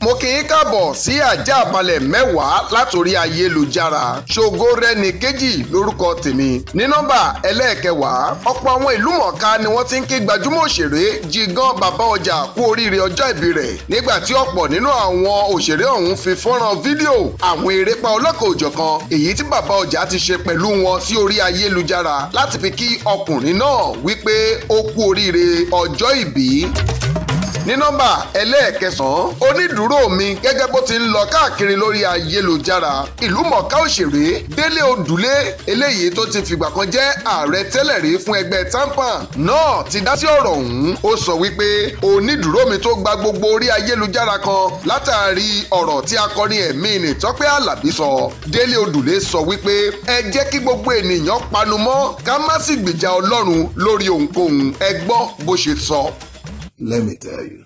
mo kì í káàbọ̀ sí àjà àbálẹ̀ mẹ́wàá látòrí ayélujára ṣògo rẹni kejì lórúkọ tèmi ní nọ́mbà ẹlẹ́ẹ̀kẹwàá ọ̀pọ̀ àwọn ìlú mọ̀ọ́ká ni wọ́n ti ń ké gbajúmọ̀ òṣèré Jigan bàbá ọjà kú oríire ọjọ́ ìbí rẹ̀ nígbà tí ọ̀pọ̀ nínú àwọn òṣèré ọ̀hún fi fọ́nrán fídíò àwọn erépa ọlọ́kọ̀ òjọ̀kan èyí tí bàbá ọjà ti ṣe pẹ̀lú wọn sí orí ayélujára láti fi kí ọkùnrin náà wípé ó kú oríire ọjọ́ ìbí ní nọ́mbà ẹlẹ́ẹ̀kẹsàn-án onídùúró mi gẹ́gẹ́ bó ti ń lọ káàkiri lórí ayélujára ìlú mọ̀ká òṣèré délé odùlé eléyìí tó ti fìgbà kan jẹ́ ààrẹ tẹ́lẹ̀ rí fún ẹgbẹ́ tampan náà ti dá sí ọ̀rọ̀ ọ̀hún ó sọ wípé onídùúró mi tó gba gbogbo orí ayélujára kan látàrí ọ̀rọ̀ tí akọrin ẹ̀mí ni tọ́pẹ́ àlàbí sọ délé odùlé sọ wípé ẹ jẹ́ kí gbogbo ènìyàn panu mọ́ ká má sì gbìjà ọlọ́run lórí ohunkóhun ẹ bó ṣe sọ Let me tell you,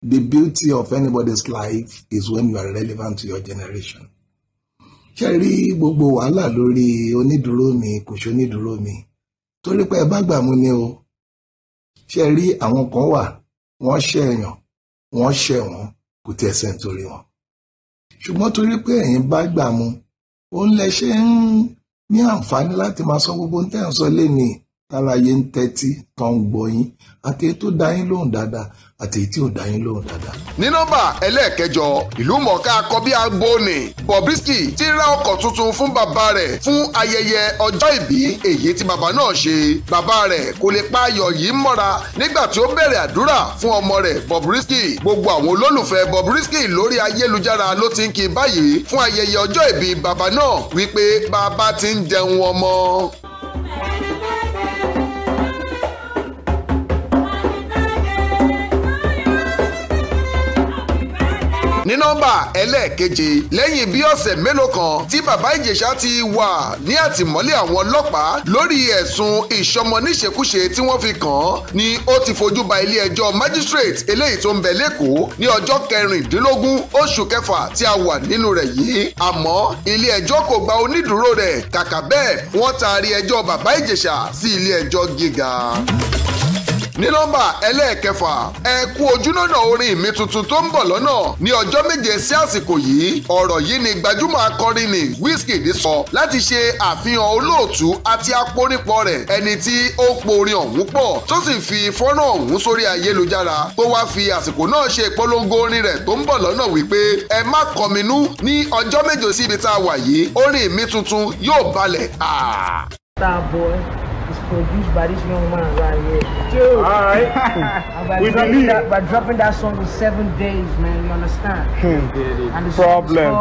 the beauty of anybody's life is when you are relevant to your generation. Ṣé rí gbogbo wàhálà lórí onídùúró mi kò ṣe onídùúró mi torí pé ẹ bá gbà mú ni o ṣé rí àwọn kan wà wọ́n ṣe èèyàn wọ́n ṣe wọ́n kò tí ẹsẹ̀ nítorí wọn ṣùgbọ́n torí pé ẹ̀yin bá gbà mú òun lẹ ṣe ń ní àǹfààní láti máa sọ gbogbo ohun tẹ́ ń sọ lé nìyí táláyé ń tẹ́tí tó ń gbọ́ àti èyí tó lóhùn dáadáa àti èyí ò dá lóhùn dáadáa. ní nọ́mbà ẹlẹ́ẹ̀kẹjọ ìlú mọ̀ọ́ká akọbí agbóni Bobrisky ti ra ọkọ̀ tuntun fún bàbá rẹ̀ fún ayẹyẹ ọjọ́ ìbí èyí tí bàbá náà ṣe bàbá rẹ̀ kò lè pa ayọ̀ yìí mọ́ra nígbà tí ó bẹ̀rẹ̀ àdúrà fún ọmọ rẹ̀ Bobrisky gbogbo àwọn olólùfẹ́ Bobrisky lórí ayélujára ló ti ń kí báyìí fún ayẹyẹ ọjọ́ ìbí bàbá náà wípé bàbá ti ń jẹun ọmọ ní nọ́mbà ẹlẹ́ẹ̀keje lẹ́yìn bí ọ̀sẹ̀ mélòó kan tí bàbá ìjẹ̀ṣà ti wà ní àtìmọ́lé àwọn ọlọ́pàá lórí ẹ̀sùn ìṣọmọníṣekúṣe tí wọ́n fi kàn án ni ó ti fojú ba ilé-ẹjọ́ magistrate eléyìí tó ń bẹ lẹ́kọ̀ọ́ ní ọjọ́ kẹrìndínlógún oṣù kẹfà tí a wà nínú rẹ̀ yìí àmọ́ ilé-ẹjọ́ kò gba onídùúró rẹ̀ kàkà bẹ́ẹ̀ wọ́n taari ẹjọ́ bàbá ìjẹ̀ṣà sí ilé-ẹjọ́ gíga ní nọ́mbà ẹlẹ́ẹ̀kẹfà ẹ kú ojúlọ́nà orin mi tuntun tó ń bọ̀ lọ́nà ní ọjọ́ méje sí àsìkò yìí ọ̀rọ̀ yìí ni gbajúmọ̀ akọrin ni Wizkid sọ láti ṣe àfihàn olóòtú àti aporípọ̀ rẹ̀ ẹni tí ó porin ọ̀hún pọ̀ tó sì fi fọ́nrán ọ̀hún sórí ayélujára tó wá fi àsìkò náà ṣe ìpolongo orin rẹ̀ tó ń bọ̀ lọ́nà wípé ẹ má kọminú ní ọjọ́ méje síbi tá a wà yìí orin mi tuntun yóò balẹ̀. Star boy. is produced by this young man right here. Dude. All right. we believe. That, by dropping that song in seven days, man, you understand? Hmm. And the Problem.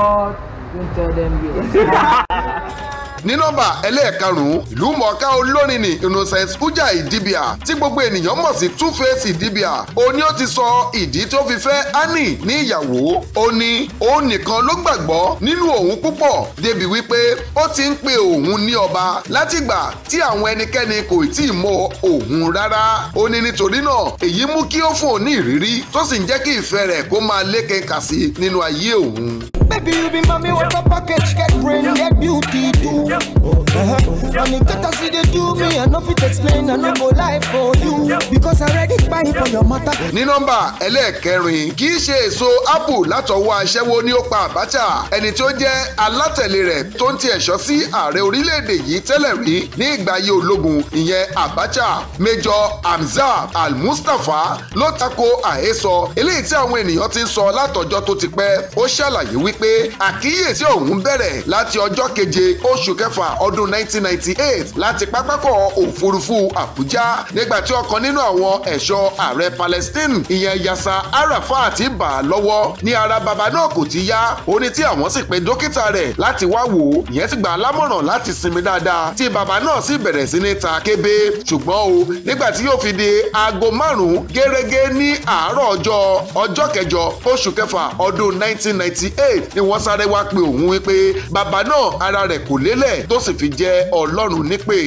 Don't Tell Them Yes. ní nọ́mbà ẹlẹ́ẹ̀karùn-ún ìlú mọ̀ọ́ká olórin ní Innocent Uja Idibia tí gbogbo ènìyàn mọ̀ sí Two Face Idibia ó ní ó ti sọ ìdí tó fi fẹ́ Annie ní ìyàwó ó ní òun nìkan ló gbàgbọ́ nínú òun púpọ̀ débi wípé ó ti ń pe òun ní ọba látìgbà tí àwọn ẹnikẹ́ni kò tí ì mọ òun rárá ó ní nítorí náà èyí mú kí ó fún òun ìrírí tó sì ń jẹ́ kí ìfẹ́ rẹ̀ kó máa lékè sí nínú ayé òun. Baby, you be mommy, what a package, get brain, get beauty too. Uh-huh. And it gotta see they do me, and if it explain, I no go lie for you. Because I ready buy for your mother. Ní nọ́mbà ẹlẹ́ẹ̀kẹrin, kì í ṣe èso apple látọwọ́ aṣẹ́wó ní ó pa Abacha, ẹni tó jẹ́ alátẹ̀lé rẹ̀ tó ń ti ẹ̀ṣọ́ sí ààrẹ orílẹ̀-èdè yìí tẹ́lẹ̀ rí ní ìgbà ayé ológun ìyẹn Abacha. Major, Amza, al Mustafa, ló tako àhesọ eléyìí tí àwọn ènìyàn ti ń sọ látọjọ́ tó ti pẹ́. Ó ṣàlàyé wípé pé àkíyèsí ọ̀hún bẹ̀rẹ̀ láti ọjọ́ keje oṣù kẹfà ọdún 1998 láti pápákọ̀ òfurufú Àbújá nígbà tí ọ̀kan nínú àwọn ẹ̀ṣọ́ ààrẹ Palestine ìyẹn Yasa Arafat bà á lọ́wọ́ ní ara bàbá náà kò ti yá ó ní tí àwọn sì pe dókítà rẹ̀ láti wá wò ó ìyẹn sì gbà á lámọ̀ràn láti sinmi dáadáa tí bàbá náà sì bẹ̀rẹ̀ sí ní ta kébé ṣùgbọ́n o nígbà tí yóò fi di aago márùn-ún gẹ́gẹ́ ní àárọ̀ ọjọ́ ọjọ́ kẹjọ oṣù kẹfà ọdún 1998 ni wọ́n sáré wá pe òun wípé bàbá náà ara rẹ̀ kò lélẹ̀ tó sì fi jẹ́ ọlọ́run nípè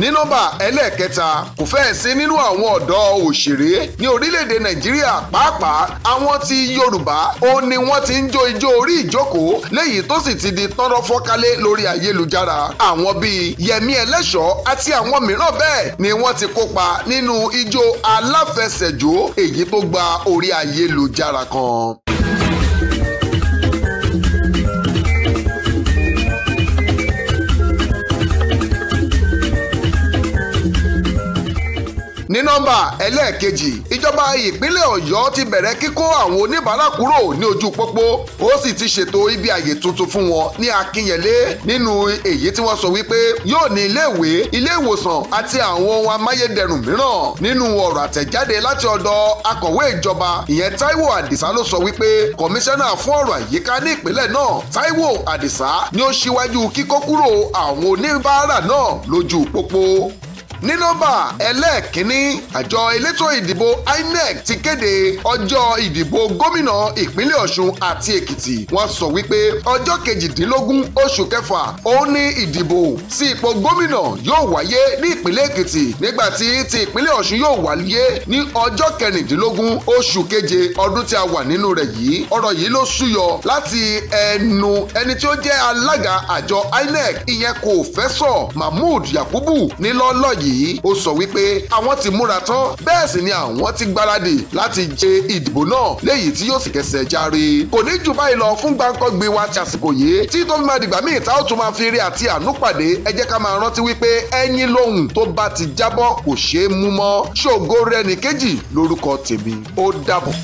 ní nọ́mbà ẹlẹ́ẹ̀kẹta kò fẹ́ẹ̀ sí nínú àwọn ọ̀dọ́ òṣèré ní orílẹ̀-èdè nàìjíríà pàápàá àwọn ti yorùbá ó ní wọ́n ti ń jó ijó orí ìjókòó léyìí tó sì ti di tọ́rọ́ fọ́kálé lórí ayélujára àwọn bíi yẹmí ẹlẹ́ṣọ́ àti àwọn mìíràn bẹ́ẹ̀ ni wọ́n ti kópa nínú ijó aláfẹsẹ̀jó èyí tó gba orí ayélujára kan nọ́mbà ẹlẹ́ẹ̀kejì ìjọba ìpínlẹ̀ ọ̀yọ́ ti bẹ̀rẹ̀ kíkó àwọn oníbàárà kúrò ní ojú pópó ó sì ti ṣètò ibi àyè tuntun fún wọn ní akínyẹlé nínú èyí tí wọ́n sọ wípé yóò ní iléèwé ilé ìwòsàn àti àwọn ohun amáyédẹrùn mìíràn nínú ọ̀rọ̀ àtẹ̀jáde láti ọ̀dọ̀ akọ̀wé ìjọba ìyẹn Táíwò Àdìsá ló sọ wípé kọmíṣánná fún ọ̀rọ̀ àyíká ní ìpínlẹ̀ náà Táíwò Àdìsá ni ó ṣíwájú kíkó kúrò àwọn oníbàárà náà lójú pópó ní nọ́mbà ẹlẹ́ẹ̀kínní àjọ elétò ìdìbò INEC ti kéde ọjọ́ ìdìbò gómìnà ìpínlẹ̀ Ọ̀ṣun àti Èkìtì wọ́n sọ wípé ọjọ́ kejìdínlógún oṣù kẹfà òun ni ìdìbò sí ipò gómìnà yóò wáyé ní ìpínlẹ̀ Èkìtì nígbàtí ti ìpínlẹ̀ Ọ̀ṣun yóò wáyé ní ọjọ́ kẹrìndínlógún oṣù keje ọdún tí a wà nínú rẹ̀ yìí ọ̀rọ̀ yìí ló súyọ láti ẹnu ẹni tí ó jẹ́ alága àjọ INEC ìyẹn kò fẹ́ sọ Mahmood Yakubu nílọ́lọ́ yìí yìí ó sọ wípé àwọn ti múra tán bẹ́ẹ̀ sì ni àwọn ti gbáradì láti jẹ ìdìbò náà léyìí tí yóò sì kẹsẹ̀ járe kò ní jù báyìí lọ fún gbàǹkọ́gbé wa ti àsìkò yìí tí tó fi máa dìgbà míì tá ó tún máa fi rí àti àánú pàdé ẹ jẹ́ ká máa rántí wípé ẹyin lóhùn tó bá ti jábọ́ kò ṣeé mú mọ́ ṣògo rẹ̀ nìkejì lórúkọ tèmi ó dàbọ̀.